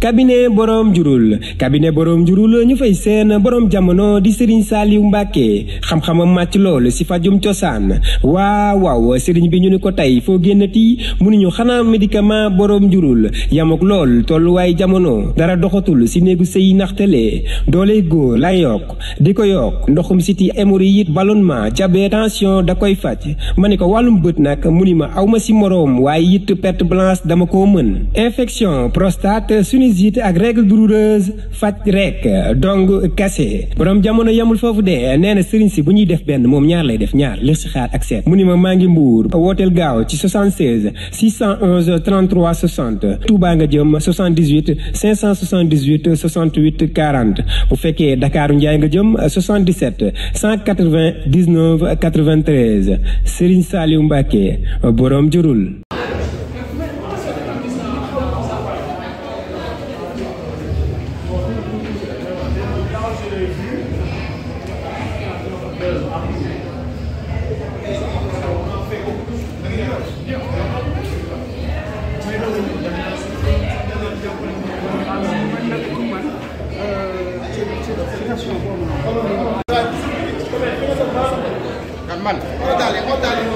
cabinet borom jurul cabinet borom jurul ñu fay seen boroom jamono di Serigne Saliou Mbacke xam-xamam màcc lool si fajum cosaan waaw waaw Serigne bi ñu ni ko tey foo génn génnati mënuñu xanaa médicament borom jurul yamuk lool tolluwaay jamono dara doxatul si néegu sëy naxtale doole góor la yokk di ko yokk ndoxum siti hémorroïde ballonnement diabète tension da koy faj ma ne ko wàllum bët nag mu ni ma awma si moroom waaye it perte blanche dama ko mën infection sinusite ak règle douloureuse faj rek dong kase borom jamono yamul foofu de nee na sëriñ si bu ñuy def benn moom ñaar lay def ñaar listixaar ak seet mu ni ma maa ngi mbuur wooteel gaaw ci 76 611 33 60 Touba nga jëm 78 578 68 bu fekkee Dakaaru Njaay nga jëm 77 199 93 Serigne Saliou Mbacke borom jurul man.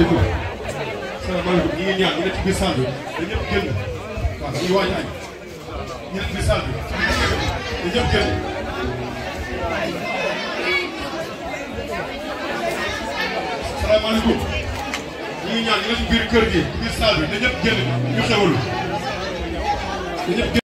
salaamaaleykum salaamaaleykum ñu ngi ñaan ñu nekk ci biir salle bi dañ ñëpp génn waaw dañuy waaj añ ñu nekk ci biir salle bi dañ ngi ñaan ñu nekk ci biir kër gi ci biir salle bi dañ ñëpp